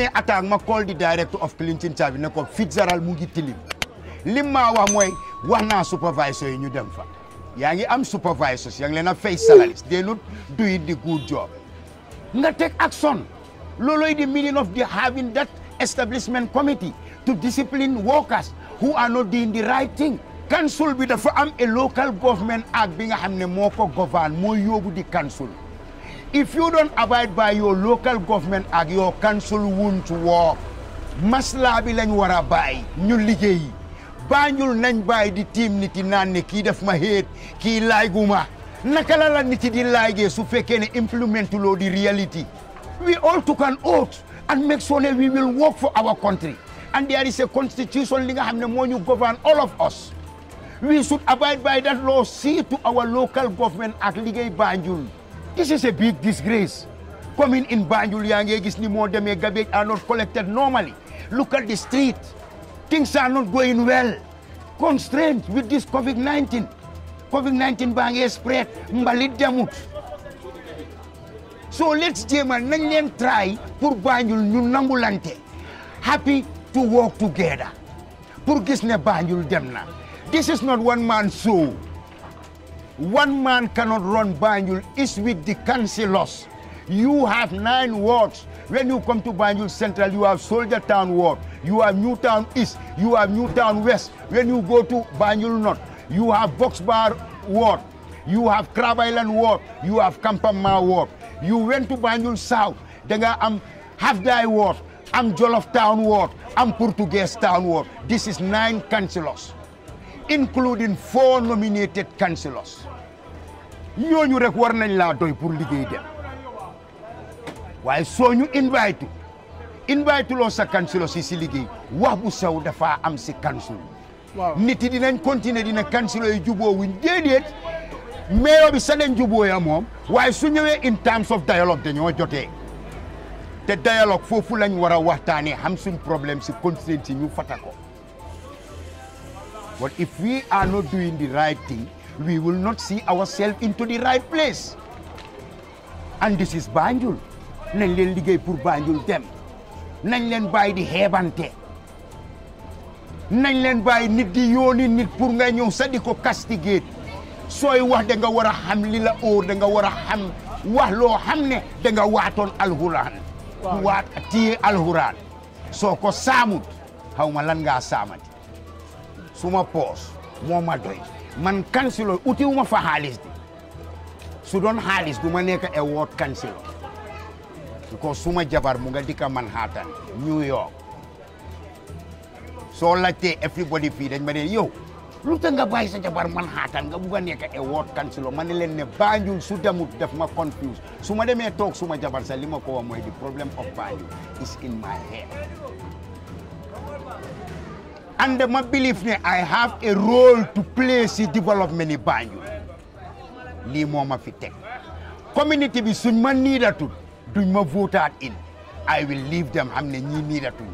may attaque ma call di director of Clinton Chabi ne ko Fitzgerald mu ngi tilim mooy wax naa supervisor yi ñu dem fa yaa ngi am supervisors yaa ngi leen a fay salaries they not do it the good job nga teg action loolooy the meaning of the having that establishment committee to discipline workers who are not doing the right thing council bi dafa am a local government act bi nga xam ne moo ko govern moo yóbbu di council if you don't abide by your local government ak your council won't work maslaa bi lañ war a bàyyi ñu liggéeyi baañul nañ bàyyi di tiim nit yi naan ne kii def ma kii kii layguma naka la la di laygee su fekkee ne implement loo di reality we all took an oath and make sure ne we will work for our country and there li nga xam ne moo ñu govern all of us we should abide by that law see to our local government ak liggéey Banjul This is a big disgrace. Coming in Banjul Yange is more than a garbage are not collected normally. Look at the street. Things are not going well. Constrained with this COVID-19. COVID-19 Bange spread. Mbalit demut. So let's Jema Nangian try pour Banjul Nunambulante. Happy to work together. Pour Gisne Banjul Demna. This is not one man show. One man cannot run Banjul. It's with the councillors. You have nine wards. When you come to Banjul Central, you have Soldier Town Ward. You have New Town East. You have New Town West. When you go to Banjul North, you have Box Bar Ward. You have Crab Island Ward. You have Kampama Ward. You went to Banjul South. Then I'm Half Die Ward. I'm Jollof Town Ward. I'm Portuguese Town Ward. This is nine councillors. including four nominated councillors ñooñu rek war nañ laa doy pour liggéey dem waaye soo ñu invite invite si si liggéey wax bu sew dafa am si council nit di nañ continuer dina councillor yi juboo wuñ déedéet maire bi sa den moom waaye su ñëwee in terms of dialogue dañoo jotee te dialogue foofu lañ war a waxtaanee xam suñ problème si constituency ñu fata But if we are not doing the right thing, we will not see ourselves into the right place. And this is Banjul. nañ leen liggéey pour Banjul dem nañ leen bàyyi di xeebante nañ leen bàyyi nit di yooni nit pour nga ñëw sa di ko castigate sooy wax da nga war a xam li la óor da nga war a xam wax loo xam ne da nga waatoon alxuraan waat alxuraan soo ko saamut xaw ma lan ngaa saamati suma pos, mo ma doy man councilor utiwuma fa halis di su don halis du ma nek e wot because suma jabar mu nga dikka Manhattan New York so la te everybody fi dañ ma dee yo lu te nga sa jabar Manhattan nga bugg a nekk a e ward councilor ma ne ne Banjul su demut def ma confuse suma ma tok suma jabar sa li ma ko wax problem of value is in my head and ma believe ne I have a role to play si development yi Banjul lii moo ma fi teg community bi suñ ma niidatul duñ ma votaat in I will leave them xam ne ñii niidatuñ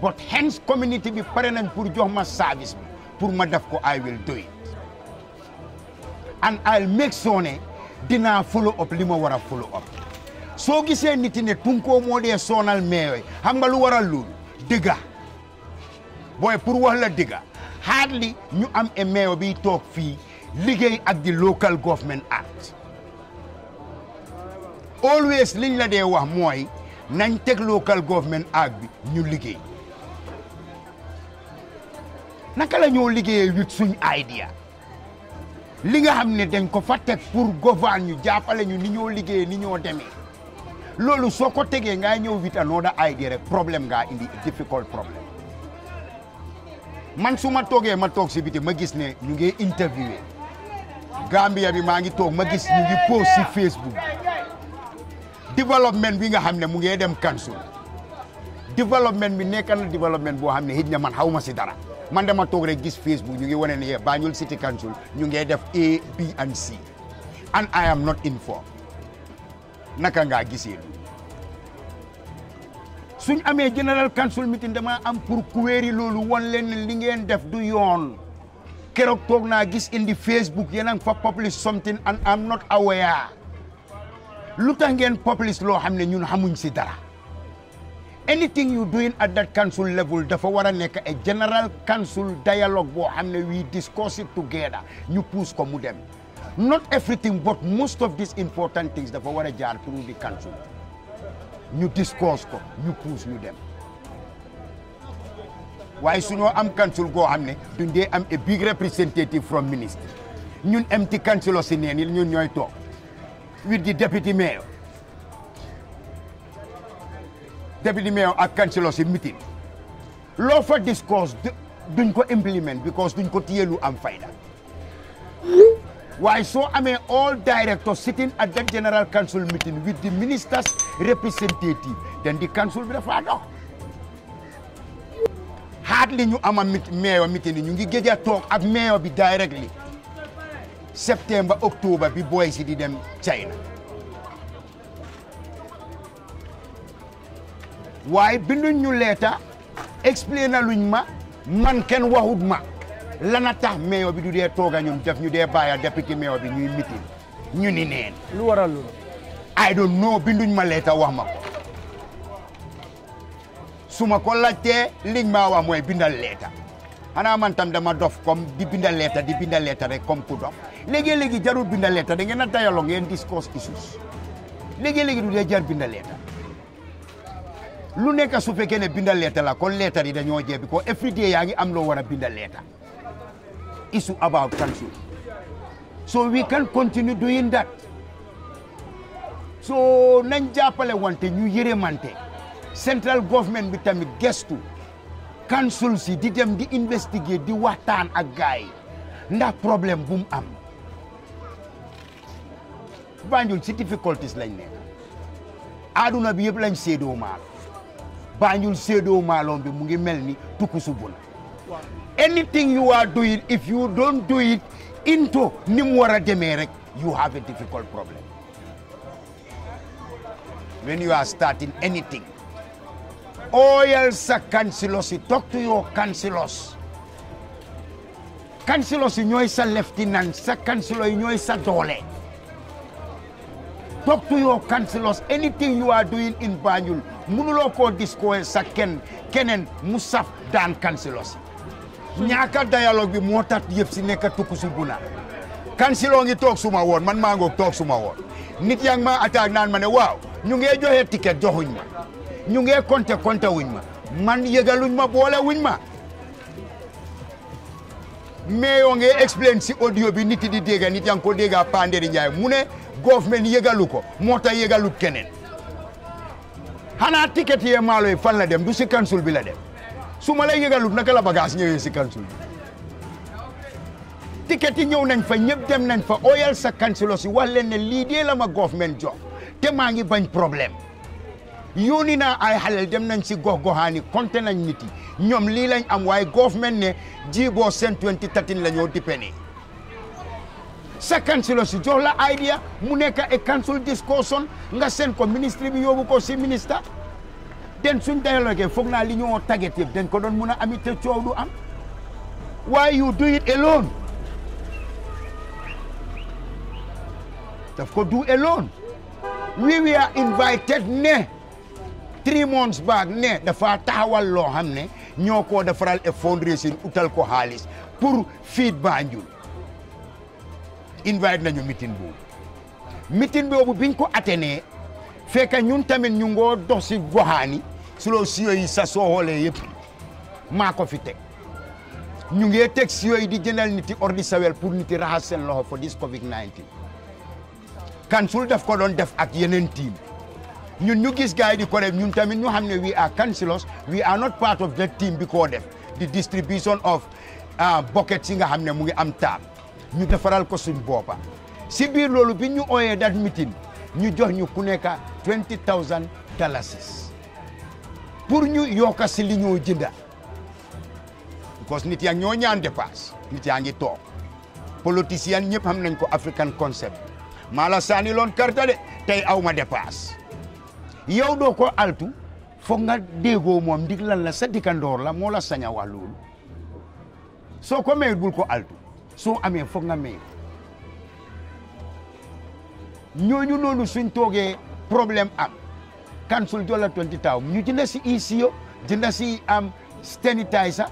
but hence community bi pare nañ pour jox ma service bi pour ma def ko I will do it and I'll make sure ne dinaa follow up li ma war a follow up soo gisee nit ne tunkoo moo dee soonal meewe xam nga lu waral loolu dëgga booy pour wax la digga li ñu am e bi toog fii liggéey ak di local government act always liñ la dee wax mooy nañ teg local government act ñu liggéey naka la ñoo liggéeyee suñ idea li nga xam ne dañ ko fa teg pour govern ñu jàppale ñu ni ñoo liggéeyee ni ñoo demee loolu soo ko tegee ngaa ñëw wit another idea rek problème ngaa indi difficult problème man suma toge ma tok ci biti ma gis ne ñu ngi interviewé Gambia bi ma ngi tok ma gis ñu ngi post ci Facebook Development bi nga xamne ne mu ngi dem council Development bi nekkal development développement xamne xam ne man xaw ci dara man dama tok rek gis Facebook ñu ngi wone ne City Council ñu ngi def A B and C and I am not informed naka nga gisee suñ amee général council mitin dama am pour kuweeri loolu wan leen li ngeen def du yoon keroog toog naa gis indi Facebook yéen a ngi fa publish something and I'm not aware lu tax ngeen publish loo xam ne ñun xamuñ si dara anything you doing at that council level dafa war a nekk a general council dialogue boo xam ne we discuss it together ñu puus ko mu dem not everything but most of these important things dafa war a jaar through di council ñu discours ko ñu puus ñu dem waaye suñoo am council goo xam ne duñ dee am a big representative from ministry ñun empty councilor si neen ñun ñooy toog with the deputy mayor deputy mayor ak councilor si meeting loo fa discourse duñ ko implement because duñ ko téye lu am fayda waay soo amee all directors sitting at that general council meeting with the ministers representative then the council bi dafa dox hardly ñu ama mayor meeting ñu ngi géej toog ak mayor bi directly septembre octobre bi boy di dem China waaye binduñ ñu leeta explain na luñ ma man kenn waxut ma lana tax meyo bi du dee tooga ñoom def ñu dee bàyyi député meyo bi ñuy mitin ñu ni neen lu wara loolu I don't know binduñ ma leeta wax ma ko su ma ko maa wax mooy bindal leeta xanaa man tam dama dof comme di bindal leeta di bindal leeta rek comme ku dof léegi-léegi jarul bindal leeta da ngeen a dialogue ngeen discuss issues léegi-léegi du dee jar bindal leeta lu nekk su fekkee ne bindal leeta la kon leeta yi dañoo jeebi ko every ngi am loo war a bindal leeta issue about country. So we can continue doing that. So nañ jàppale wante ñu yërëmante central government bi tamit gestu council si di dem di investigate di waxtaan ak gaay ndax problème bu mu am Banjul si difficulties lañ nekk aduna bi yëpp lañ séedoo maalo Banjul séedoo maaloom bi mu ngi mel ni tukku su anything you are doing if you don't do it into Nimwara Demerek, you have a difficult problem when you are starting anything oil sa councilors talk to your councilors councilors yi ñooy sa lieutenant sa councilor yi ñooy dole. talk to your councilors anything you are doing in Banjul mënuloo koo discourse sa kenn keneen Musaf dan daan councilors ñaaka dialogue bi moo tax yëpp si nekk tukku buna kan si lo ngi tok suma won man ma ngo tok suma won nit yang ma attaque nan ma waw ñu ngee joxe ticket joxuñ ma ñu ngee konte konte wuñ ma man yegaluñ ma bolé wuñ ma mais explain si audio bi nit di dégga nit yang ko dégga pandéri ñay mu government yëgalu ko moo tax Hana keneen xanaa ticket yee maloy fan la dem du ci kansul bi la dem su ma lay yëgalut naka la bagage ñëwee si council bi ticket yi ñëw nañ fa ñëpp dem nañ fa oyal sa councilor si wax ne lii dee la ma government jox te maa ngi bañ problème yónni naa ay xalel dem nañ si gox goxaani compté nañ ñoom lii lañ am waaye government ne jiiboo seen 2013 la ñoo dipene sa councilor si jox idea mu nekk a council discussion nga seen ko ministre bi yóbbu si ministre den suñ dialogué foog naa li ñoo taget yëpp den ko doon mun a amité coow du am waaye you do it alone daf ko do alone we were invited ne three months ne dafa taxawal loo xam ne ñoo ko defaral e fundraising utal ko xaalis pour fiit Banjul invite nañu meeting boobu meeting boobu biñ ko atténé fekk ñun tamit ñu ngoo dox si goxaani suloo siyo yi sa soo xoolee yëpp maa ko fi teg ñu ngee teg si yi di jëndal nit yi ordi sawel pour nit yi raxas seen loxo for this covid 19 council def ko doon def ak yeneen team ñun ñu gis gars yi di ko def ñun tamit ñu xam ne we are councillors we are not part of that team bi koo def the distribution of ah, buckets yi nga xam ne mu ngi am taab ñu defaral ko suñ boppa si biir loolu bi ñu ooyee dat meeting ñu jox ñu ku nekk 20000 dalasis pour ñu yokk si li ñoo jënda parce que nit yaa ñoo ñaan dépasse nit yaa ngi toog politicien ñëpp xam nañ ko African concept maa la saani loon karta de tey aw ma dépasse yow doo ko altu foog nga déggoo moom ndig la sa dikkandoor la moo la saña wax soo ko mayut bul ko altu soo amee foog nga mayut ñooñu noonu suñ toogee problème am kan sul jola twenty taw ñu jënd si ICO e jënd si am um, sanitizer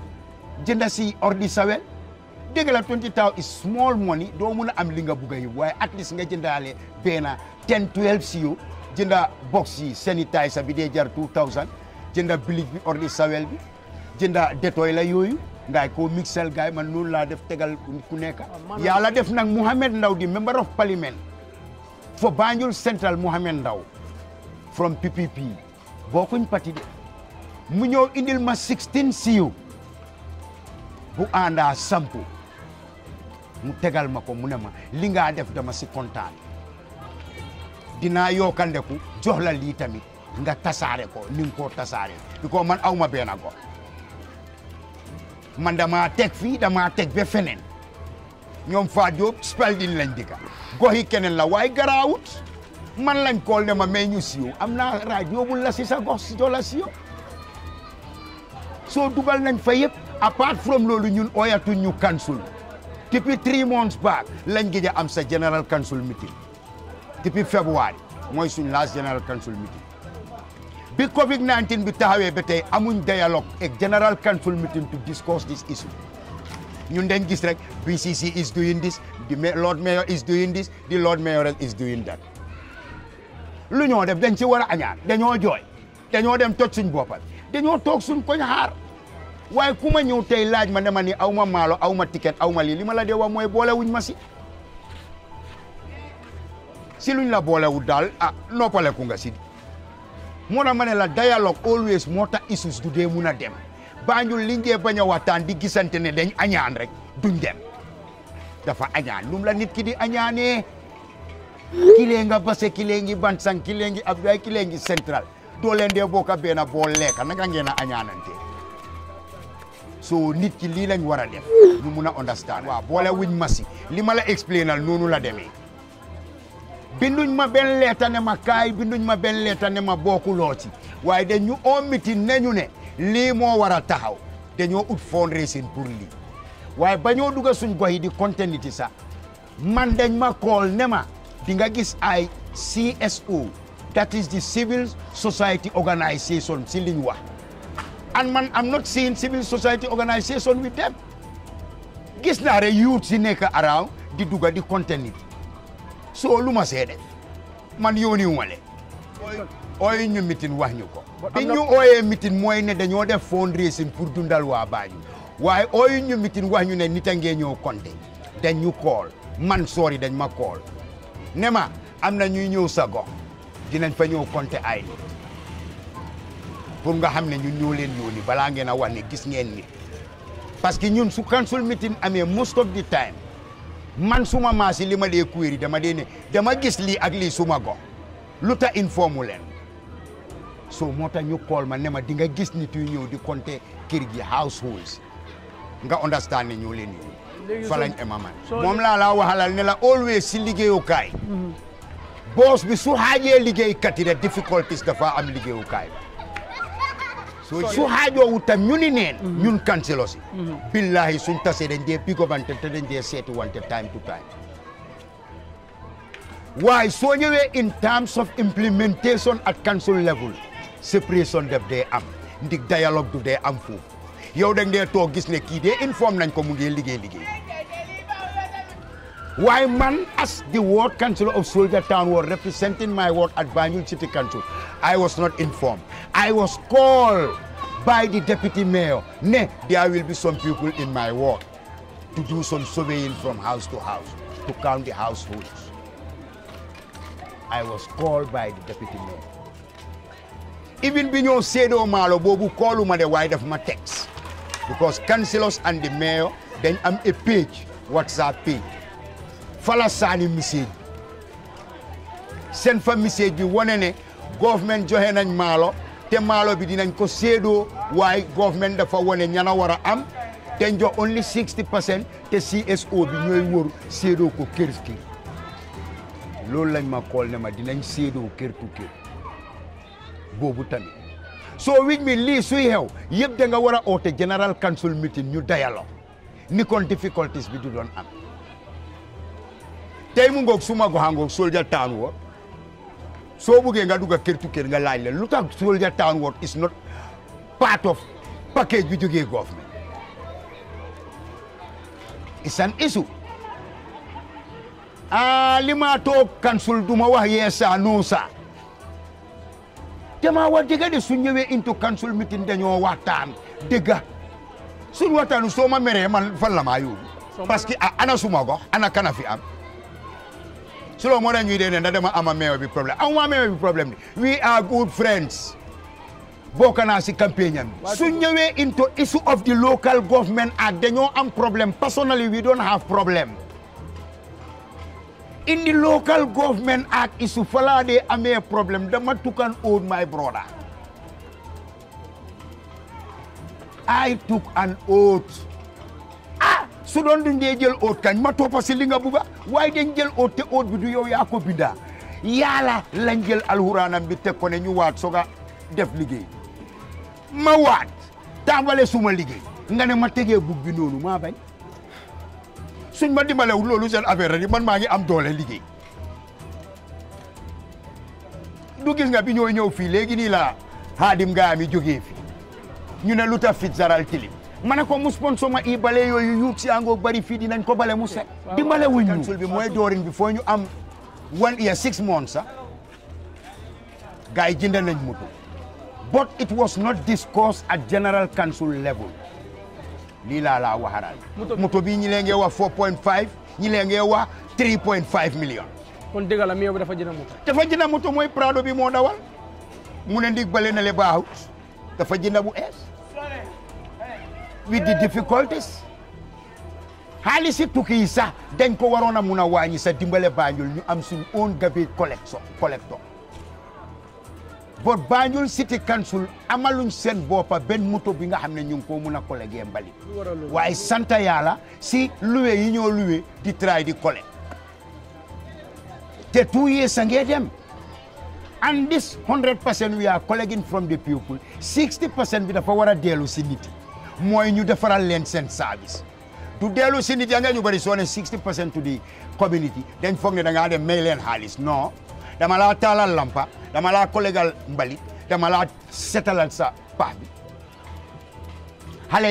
jënd si ordi sawel dégg la twenty taw is small money doo mun a am li nga bugg yi waaye at least nga jëndaale benn ten twelve CO jënda box yi sanitizer bi dee jar two thousand jënda bilig bi ordi sawel bi jënda détoy la yooyu ngaay ko mixel gaay man noonu laa def tegal ku nekk oh, yàlla def nag Muhammad Ndaw di member of parliament for Banjul Central Mohamed Ndaw from PPP bokkuñ parti de mu ñëw indil ma 16 siiw bu àndaa sampu mu tegal ma ko mu ne ma li ngaa def dama si kontaan dinaa yokkandeku jox la lii tamit nga tasaare ko ning nga koo tasaare bi ko man aw ma benn ko man damaa teg fii damaa teg be feneen ñoom Fat Diop Spalding lañ dëkk goxi keneen la waaye garaawut man lañ kool ne ma may ñu siiw am na rajo bu la si sa gox si doo la siiw soo dugal nañ fa yëpp apart from loolu ñun oyatuñ ñu council depuis three months back lañ gëj a am sa general council meeting depuis février mooy suñ last general council meeting bi covid 19 bi taxawee ba tey amuñ dialogue e general council meeting to discuss this issue ñun dañ gis rek BCC is doing this the Lord Mayor is doing this the Lord Mayor is doing that lu ñoo def dañ ci wara a añaan dañoo joy dañoo dem toj suñ bopal dañoo tok suñ koñ haar waaye ku ma ñëw tey laaj ma dama ni awma malo awma ticket awma li lima la dee moy mooy wuñ ma si si luñ la wu dal ah ku nga si mo na mané la dialogue always mota issues du dé mëna dem Banjul li ngee bañ a waxtaan di gisante ne dañ añaan rek duñ dem dafa añaan lum la nit ki di añaanee kilee nga base kilee ngi Bansang kilengi ngi Abdoulaye ngi Central do leen dé boka ak bo lék na naka so nit ki wara lañ wara def ñu mëna understand wa bo wuñ masi li mala explainal nonu la démé binduñ ma ben lettre ne ma kay binduñ ma ben lettre ne ma bokkuloo ci waye you ñu oo ñu ne lii moo waral taxaw dañoo ut fundraising pour lii waaye bañoo ñoo suñ gox yi di continuité sax man dañ ma kool ne ma di nga gis ay CSO that is the civil society organisation si liñ wax an man am not seeing civil society organisation with them gis naa re youth si nekk around di dugg di continuité soo lu ma seede man yóoni wale ooy ñu mitin wax ñu ko bi ñu ooyee mitin mooy ne dañoo def fundraising pour dundal waa Banjul waaye ooyu ñu mitin wax ñu ne nit a ngee ñëw konte dañ ñu kool man soori dañ ma kool ne ma am na ñuy ñëw sa gox dinañ fa ñëw konte ay nit pour nga xam ne ñu ñoo leen yónni balaa ngeen a wax ne gis ngeen nit parce que ñun su council meeting amee most of man suma maasi li ma de kuwéri dama dee ne dama gis lii ak li suma gox lu ta informu leen so moo tax ñu xool ma ne ma di nga gis nit yu di compter kër gi households nga understand ne ñoo leen yóbbu. fa moom laa la waxalal always si liggéeyukaay. Mhm. boos bi su xaajee liggéeykat yi rek difficulties dafa am liggéeyukaay ba. su xaajoowut tam ñu mhm. ñun kansilo si mhm. billahi suñ tasee dañ dee bigobante te dañ dee seeti wante time to time waaye soo ñëwee in terms of implementation at council level séparation def dee am ndig dialogue du dee am yow da ngeen toog gis ne kii dee informe nañ ko mu liggéey liggéey why man as the ward councillor of Soldier Town was representing my ward at Banjul City Council, I was not informed. I was called by the deputy mayor, ne, there will be some people in my ward to do some surveying from house to house, to count the households. I was called by the deputy mayor. even bi ñoo séedoo maalo boobu koolu ma de waaye daf ma text because councillors and the mayor dañ am a page whatsapp page fala saani message seen fa message bi wane ne government joxe nañ maalo te maalo bi dinañ ko seedoo waaye government dafa wane ñana war a am te njo only 60 percent te CSO bi ñooy wër seedoo ko kër kër loolu lañ ma kool ne ma dinañ seedoo kër tu boobu tamit soo wiñ mi lii suy xew yëpp war a oote general council meeting ñu dialogue ni kon difficulties bi du doon am tey mu ngoog suma goxangoog soldier town ward soo buggee nga dugg kër nga laañ leen lu tax soldier town ward is not part of package bi jógee government it's an issue ah, ma toog council du wax yee saa dama war dëgga de suñ into council meeting dañoo waxtaan dega, suñ waxtaan so ma méré man fan la ma yóbbu parce que ana suma gox ana kana fi am solo mo da ñuy dee dama am meewe bi problème am meewe bi problème we are good friends bokana ci campagne am su ñewé into issue of the local government a dañoo am problème personally we don't have problem in the local government act isu falade amee problem dama tukan old my brother I took an oath ah su doon duñ dee jël oath kañ ma toppa si li nga buga waaye dañ jël oath te oath bi du yow yaa ko binda yàlla lañ jël alxuraanam bi teg ko ne ñu waat soga def liggéey ma waat tàmbale suma liggéey nga ne ma tegee bug bi noonu maa bañ suñ ma dimbalewul loolu seen affaire rek man maa ngi am doole liggéey du gis nga bi ñoo ñëw fii léegi nii la Hadim Gaami jógee fi ñu ne lu tax Fitzgerald tilim ma ne ko mu sponsor ma i bale yooyu yuug si àngoog bari fii nañ ko bale mu set dimbale wuñ ñu mooy doorin bi foo ñu am one year six months sax ah. gars yi jënd nañ moto but it was not discussed at general council level lii laa laa wax daal moto bi ñi leen ngee wax 4.5 ñi leen ngee wax 3.5 million. kon dëgg la mi dafa jënd moto. dafa jënd moto mooy Prado bi moo dawal mu ne ndig bale na le baaxut dafa jënd bu ees with the difficulties xaalisi tukki yi sax dañ ko waroon a mun a wàññi sa dimbale Banjul ñu am suñu own garbage collector collector ba Banjul City Council amaluñ seen boppa benn moto bi nga xam ne ñu ngi koo mun a collecté mbalit waaye sant yàlla si luwe yi ñoo luwe di try di collecte te two years a ngee dem and this hundred percent we are collecting from the people sixty percent bi dafa war a dellu si nit mooy ñu defaral leen seen service du dellu si nit yaa nga ñu bëri soo ne sixty percent to dañ foog ne da ngaa may leen xaalis non dama laa taalal lampa dama laa kollegal mbali dama laa setalal sa paax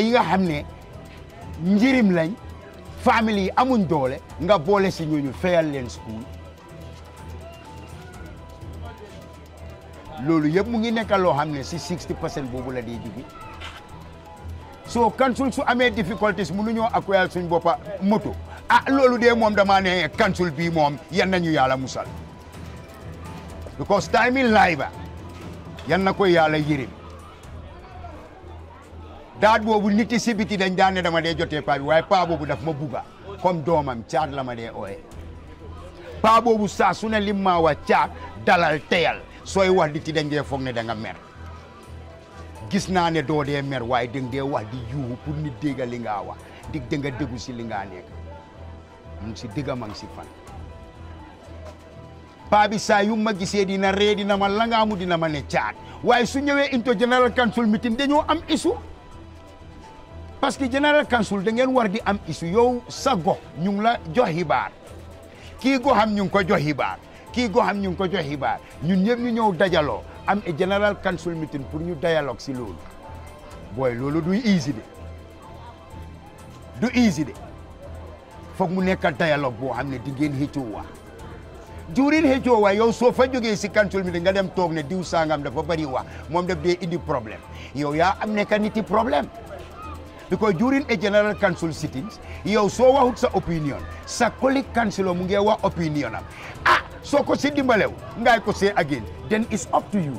yi nga xam ne njirim lañ famille yi amuñ doole nga boole si ñooñu fayal leen school loolu yëpp mu ngi nekk loo xam ne si 60 percent boobu la dee jugi so council su amee difficultés mënuñoo accoyal suñ boppa moto a ah, loolu dee moom damaa ne council bii moom yan nañu yàlla musal because time in life yan na koy yàlla yërëm daat boobu nit yi si biti dañ daan ne dama dee jotee paa waaye paa boobu daf ma bugga comme doomam caat la ma dee ooye paa boobu saa su ne lim maa wax caat dalal teyal sooy wax nit yi dañ dee foog ne da nga mer gis naa ne doo dee mer waaye danga dee wax di yuuxu pour nit dégga li ngaa wax dig da nga déggu si Pabi sa yummaggi seedina reedinama lagamudinama ne caat way su ñewe into general council meeting dañoo am isu parce que general council da ngeen war di am isu yow sa nyungla ñu ngi la jox xibaar kii xam ñu ngi ko jox xibaar kii xam ñu ko jox xibaar ñun ñëpp ñu ñëw dajaloo am e general council meeting pour ñu dialogue si loolu booy loolu du easy de du easy de foog mu nekk dialogue boo xam ne di ngeen xëccoo wax jurin he jowa yow so fa joge si kantul mi nga dem tok ne diw sangam dafa bari wa mom def de indi problème yow ya am ne kaniti problème because during a e general council sittings yow so waxut sa opinion sa colleague councilor mu ngey wa opinion am ah so ko si dimbalew ngay ko say again then it's up to you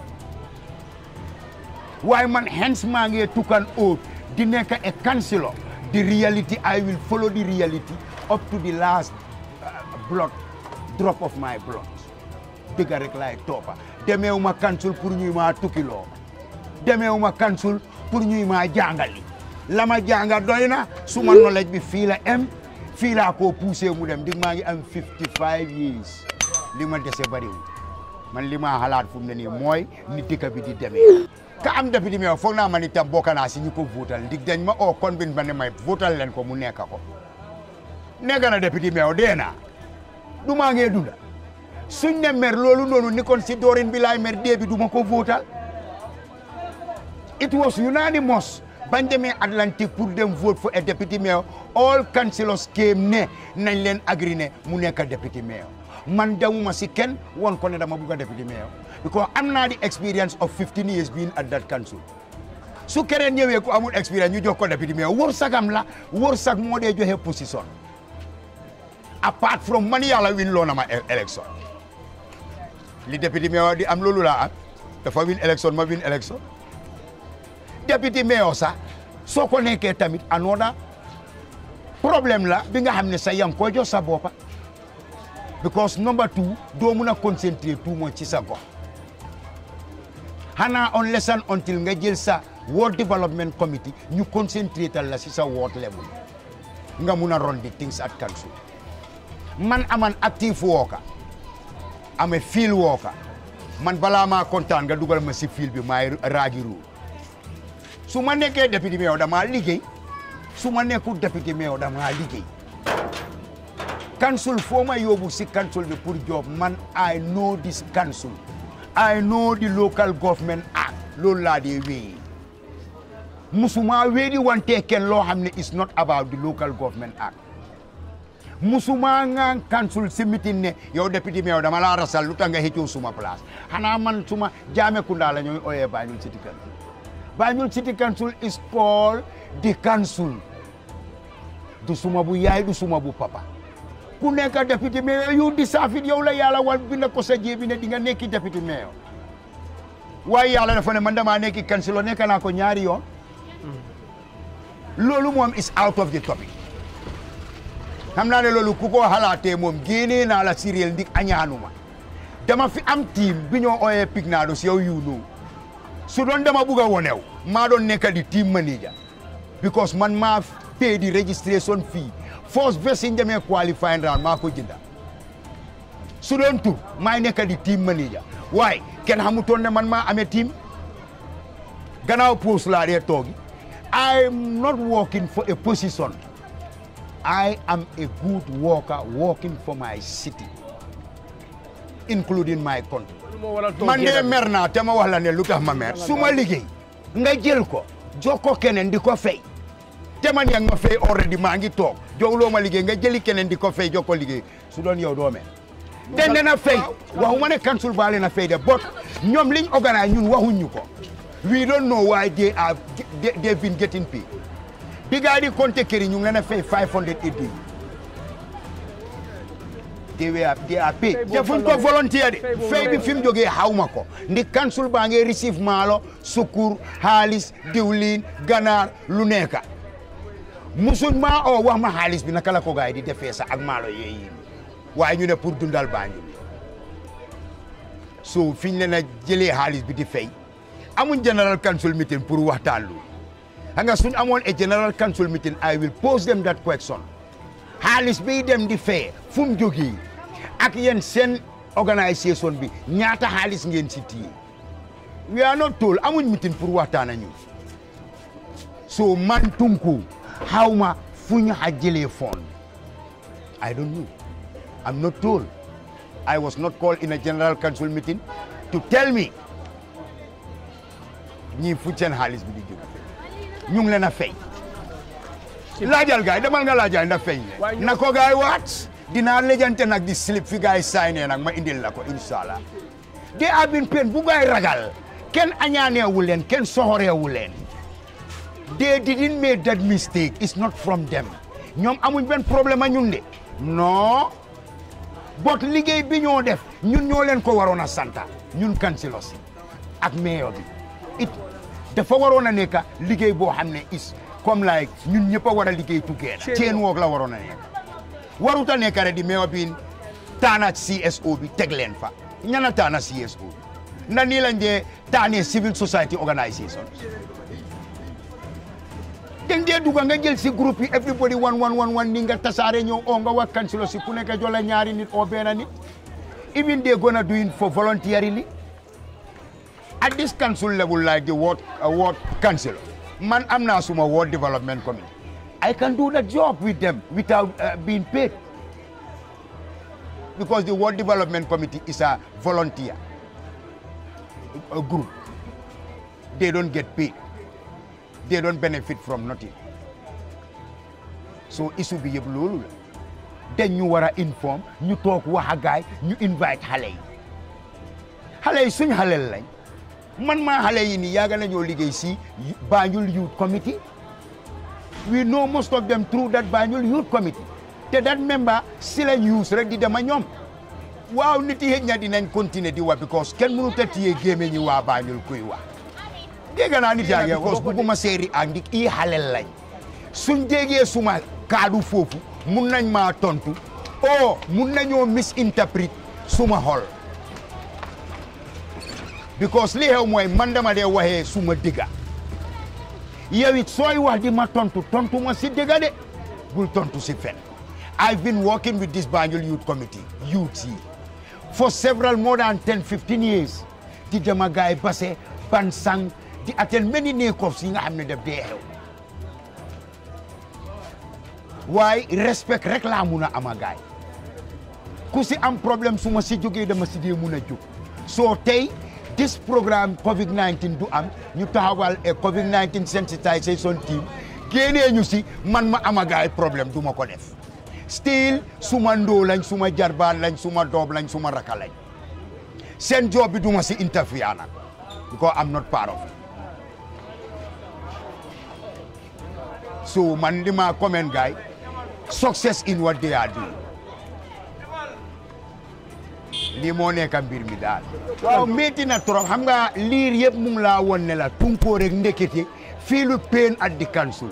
why man hence ma ngey tukan o di nek a councilor e the reality I will follow the reality up to the last uh, block drop of my blood dëgg rek laay toppa demeewu ma kansul pour ñuy ma tukkiloo demeewu ma kansul pour ñuy maa jàngali la ma jànga doy na suma knowledge bi fii la em fii laa koo mu dem dig maa ngi am 55 years li ma dese bariwul man li ma xalaat fu mu ne nii mooy ni dëkk bi di demee ka am député meew foog naa man itam boo naa si ñu ko votal ndig dañ ma oo oh, kon bin ba ne may votal leen ko mu nekk ko nekk na député meew oh, dee naa duma nge dunda sunne mer lolou nonu ni kon ci dorine bi lay mer bi duma ko votal it was unanimous bañ démé Atlantique pour dem vote for a deputy mayor all councillors came ne nañ len agri ne mu nekk deputy mayor man dawuma ci ken won ko né dama bugg a deputy mayor because amna di experience of 15 years being at that council su kéré ñëwé ko amul experience ñu jox ko deputy mayor wursagam la wursag moo dee joxe position apart from money, ala win lo na ma election li deputy mayor di am lolou the da ah. fa win election ma win election. Deputy mayor sa, so ko neke tamit anona problème la bi nga xam sa yang ko jox sa bopa because number two do mu na concentrer tout mon ci sa go hana on lesson until nga jël sa world development committee ñu concentrer tal la ci sa world level nga mu na run the things at council man aman an active worker am a field worker man balama ma kontaan nga dugal ma ci field bi may raagi ruur su ma nekkee député mayor dama liggéey su ma nekkul député mayor dama liggéey council ma council bi pour job man I know this council I know the local government act lola la di wé musuma wéedi wante kenn loo ne is not about the local government act musuma ngaan kansul si mitin ne yow député mi yow dama laa rasal lu tax nga xëccoo suma place xanaa man suma jaame kunda la ñooy oyee Banjul City Council Banjul City Council is called the council du suma bu yaay du suma bu papa ku nekk député maire yu di saafit yow la yàlla wal bi na ko sa jébi ne di nga nekki député maire waaye yàlla dafa ne man damaa nekki councilor nekk naa ko ñaari yoon mm. loolu moom is out of the topic xam naa ne loolu ku ko xalaatee moom génnee la serial ndik añaanuma dama fi am team biño ñoo pignado Pignados yow you know su don dama buga wonew ma don nekka di team manager because man ma pay di registration fee Force best yi ya qualifying round ma ko jinda su don tur ma nekka di team manager Why? ken xamutoon ne man ma amé team ganaw post laa dee togi. I'm not working for a position I am a good worker working for my city including my country. man de mer te ma wax lu tax ma su ma liggéey nga jël ko jox ko keneen di ko fay te man yaa ngi ma fay already maa ngi toog joxuloo ma liggéey nga jël keneen di ko fay jox ko liggéey su doon yow doo mer den dana fay waxuma ne council baa leen a fay de bot ñoom liñ organise ñun waxuñ ko we don't know why they are they've been getting Bigadi konté kéri ñu ngena fay 500 idi. They were they are paid. Defuñ ko volunteer de. Fay bi fim joge xawma ko. Ndi council ba ngay receive malo, sukur, halis, diwlin, ganar, lu neka Musuñ ma o wax ma halis bi nakala ko gay di defé sa ak malo yeyi. way ñu ne pour dundal bañu. So fiñ leena jëlé halis bi di fay. Amuñ general council meeting pour waxtan lu. nga suñ amoon a e general council meeting I will pose them that question xaalis bi dem di fee fu mu jógee ak yenn seen organisation bi ñaata xaalis ngeen si téye we are not told amuñ meeting pour waxtaan ñu so man Tunku xaw ma fu ñu xa jëlee fond I don't know I'm not told I was not called in a general council meeting to tell me ñi fu seen xaalis bi di ñu ngi leen a fay laajal gaay demal nga laajal nda fay na ko gaay waat dinaa lejante nag di slip fi gaay saynee nag ma indil la ko inshallah de abin pen bu gaay ragal kenn añaaneewu leen kenn soxoreewu leen they didn't make that mistake it's not from them ñoom amuñ benn problème a ñun de non bot liggéey bi ñoo def ñun ñoo leen ko waroon a santa ñun kansilos ak meyo bi it dafa waroon a nekk liggéey boo xam ne is comme like ñun ñëpp a war a liggéey together. chain work la waroon a nekk warut a nekk rek di meewa biin taana CSO bi teg leen fa ñana taana CSO bi na nii lañ dee taanee civil society organisation dañ dee dugga nga jël si groupe yi everybody wan wan wan wan ni nga tasaare ñëw oo nga wax kansilo si ku nekk jola ñaari nit oo benn nit even they gonna do it for voluntarily at this council level like the ward, uh, ward man, am now suma ward development committee. I can do the job with them without uh, being paid. Because the World Development Committee is a volunteer group. They don't get paid. They don't benefit from nothing. So issue bi yëpp loolu la dañ ñu war a inform ñu toog wax a gaay ñu invite xale yi xale yi suñ xaleel lañ man maa xale yi nii yaaga nañoo liggéey si baañul Youth Committee we no most dem them through that Banjul Youth Committee te that member si la use rek di dema ñoom waaw nit yi ña nañ continuer di wa because kenn mënut a téye géeme ñi waa Banjul kuy wa dégg naa nit yaa ngi because bugguma seeri ak ndik i xalel lañ suñ déggee suma kaadu foofu mun nañ maa tontu o oh, mun nañoo misinterpréter suma xol because li hew moy mandama de wahe suma diga yewit soy wax di ma tontu tontu ma si diga de bul tontu si fen i've been working with this banjul youth committee youth for several more than 10 15 years di dama gay passé ban sang di atel many nekof si nga xamne def de hew way respect rek la muna ama gay ku si am problème suma si joge dama si de muna jog so tay this program Covid 19 du am ñu taxawal a Covid 19 sensitization team génnee ñu si man ma am ay problème duma ko def still suma ndoo lañ suma jarbaan lañ suma doob lañ suma raka lañ seen job bi duma si interfere nag because I'm not part of so man li ma comment gaay success in what they are doing lii moo nekk mbir mi daal. waaw métti na trop xam nga liir yëpp mu laa won ne la tunkoo rek ndekete fii lu at the council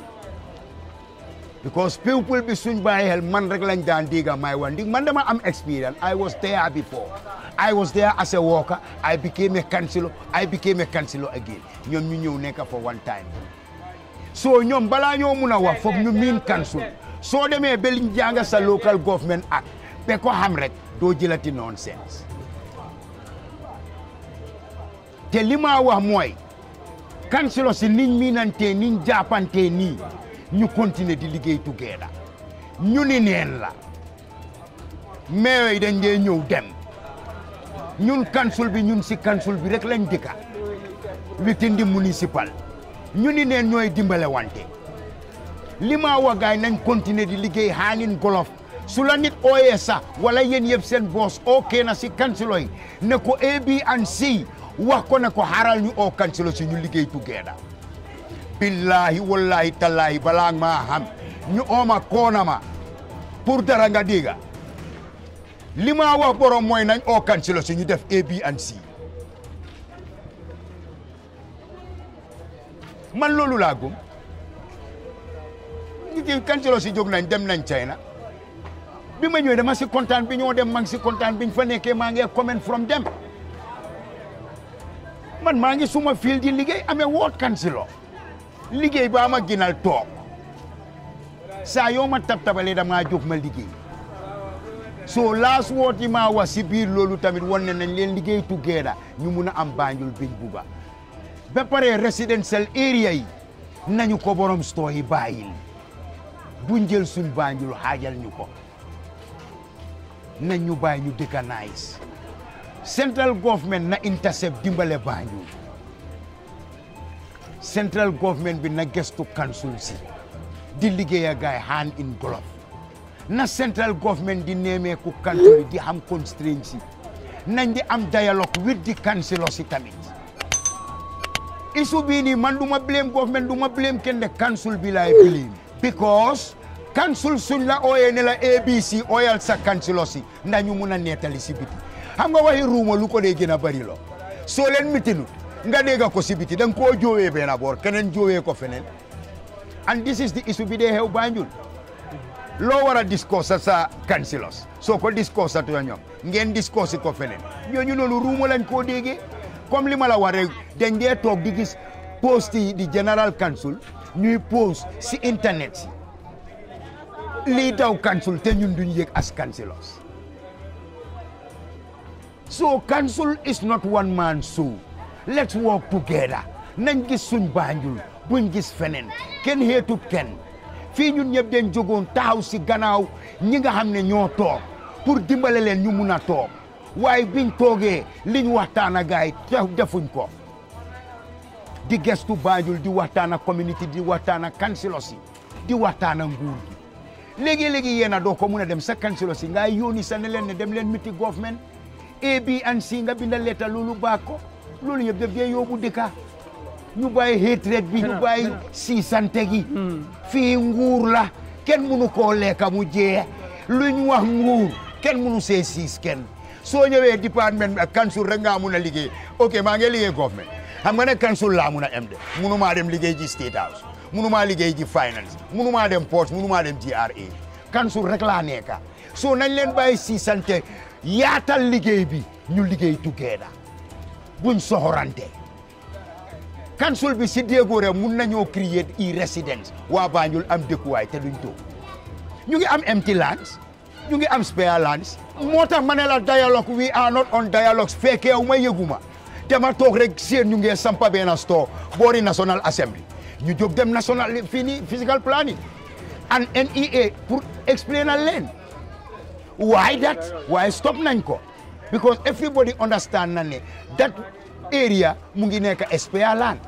because people bi suñ bàyyi xel man rek lañ daan diga may wan dig man dama am experience I was there before I was there as a worker I became a councillor I became a councillor again ñoom ñu ñëw nekk for one time so ñoom balaa ñoo mun a wax foog ñu miin council soo demee ba liñ sa local government act ba ko xam rek doo jëlati nonsense te li ma wax mooy kansilo si niñ miinantee niñ jàppantee nii ñu continuer di liggéey together ñu ni neen la meeyo yi dañ ñëw dem ñun kansul bi ñun si bi rek lañ dëkka witindi municipal ñu ni neen ñooy dimbale wante li ma wax gaay nañ continuer di liggéey xaanin golof su Oesa, nit ooyee wala yen yeb sen boss ok na si kansilo ne ko A B and C wax ko ne ko haral ñu o kansilo si ñu tu together billahi wallahi tallahi bala ma ham ñu ooma koona ma pour dara nga diga lima wax borom moy nañ o kansilo si ñu def A B and C man loolu la gum ñu kansilo si jog nañ dem nañ China bima ñëw dama ci contane bi ñoo dem ma ngi si kontaan fa nekké ma ngi comment from them. man ma ngi suma fil di liggéey amé wot kan lo liggéey ba ma ginal tok sa yo ma tap tabalé dama jox ma liggéey so last word yi maa wax si biir loolu tamit wonné nañ leen liggéey together ñu mëna am bañul biñ buba ba paré residential area yi nañu ko borom sto yi bayil buñ jël suñ bañul xaajal ñuko nañ ñu ñu central government na intercept dimbale Banjul central government bi na gestu council si di liggéey ak gaay hand in glove na central government di ku council di am constituency nañ di am dialogue with the council si tamit isu bi ni man duma blame government duma blame kende de council bi lay blame because kansul suñ la ooyee ne la abc oyal sa kansulo si ndañu mun a neetali si biti xam nga waxi lu ko bari lo so len mitinu nga dega ko si biti danga koo joowee benn boor kenen ko fenen and this is the issue bi de hew Banjul lo wara a discours sa kansilos, so ko discours sa tuya ñoom ngeen discours ko ñoo ñu loolu rumo lañ ko dege comme li ma la dañ dé tok di gis post di general council ñuy post si internet si li daw kansul te ñun duñ yëg as kansilos so council is not one man so, let's work together nañ gis suñ Banjul buñ gis fenen ken xeetut ken fi ñun ñep dañ jogon taxaw si ganaw ñi nga xamne ño tok pour dimbalé len ñu mëna tok toog biñ toogee liñ waxtana gaay defuñ ko di gestu Banjul di waxtana community di waxtana ak di waxtana nguur gi léegi-léegi yéen a doo ko mun a dem sa si nga yónni sa ne leen ne dem leen miti government abi an si nga binda leta loolu baa ko loolu yëpp daf dee yóbbu dëkka ñu bàyyi hatred bi ñu bàyyi siisante gi hmm. fii nguur la kenn mënu koo lekka mu jee luñ wax nguur kenn mu see siis kenn soo ñëwee département kansul rek nga mun a liggéey ok maa ngi liggéey government xam nga ne kansul laa mun a am de munu maa dem liggéey ji state house munumaa liggéey ci finance munumaa dem poste munumaa dem GRA council rek laa nekka so nañ leen bàyyi si sante yaatal liggéey bi ñu liggéey together buñ soxorante council bi si déegoore mun nañoo create i résidence waa Banjul am dëkkuwaay te duñ toog ñu ngi am empty lands ñu ngi am spare lands moo tax ma ne la dialogue we are not on dialogue fekkeew ma yëguma te ma toog rek seen ñu ngee sampa benn store boori National Assembly ñu jóg dem national physical planning and NEA pour explain a land, why that why stop nanko, because everybody understand na that area mu ngi spare SPA land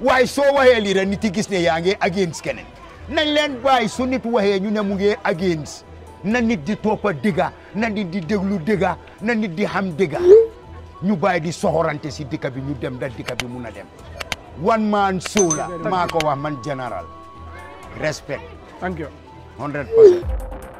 why so waxee lii rek nit gis ne against kenen, nañ land bàyyi su nit waxee ñu ne mu ngi against na nit di toppa dëgga na nit di déglu dëgga na nit di xam dëgga ñu bàyyi di soxorante si dëkk bi ñu dem da dëkk bi mun a dem one man show la maa ko wax man général respect thank you 100 percent